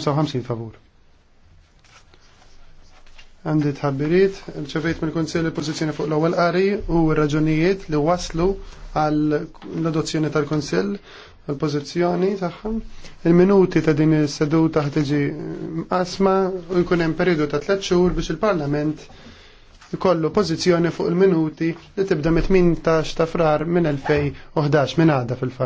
55 favur. Għandi tħabbiriet, ċevejt mill konsil il-pozizjoni fuq l-ewwel qari u r-raġunijiet li waslu għal l-adozzjoni tal-Konsill l-pożizzjoni tagħhom. Il-minuti ta' din is-seduta ħtiġi asma u jkun hemm periodu ta' tliet xhur biex il-Parlament jkollu pożizzjoni fuq il-minuti li tibda mit-18 ta' frar minn 2011 minn għada fil-fatt.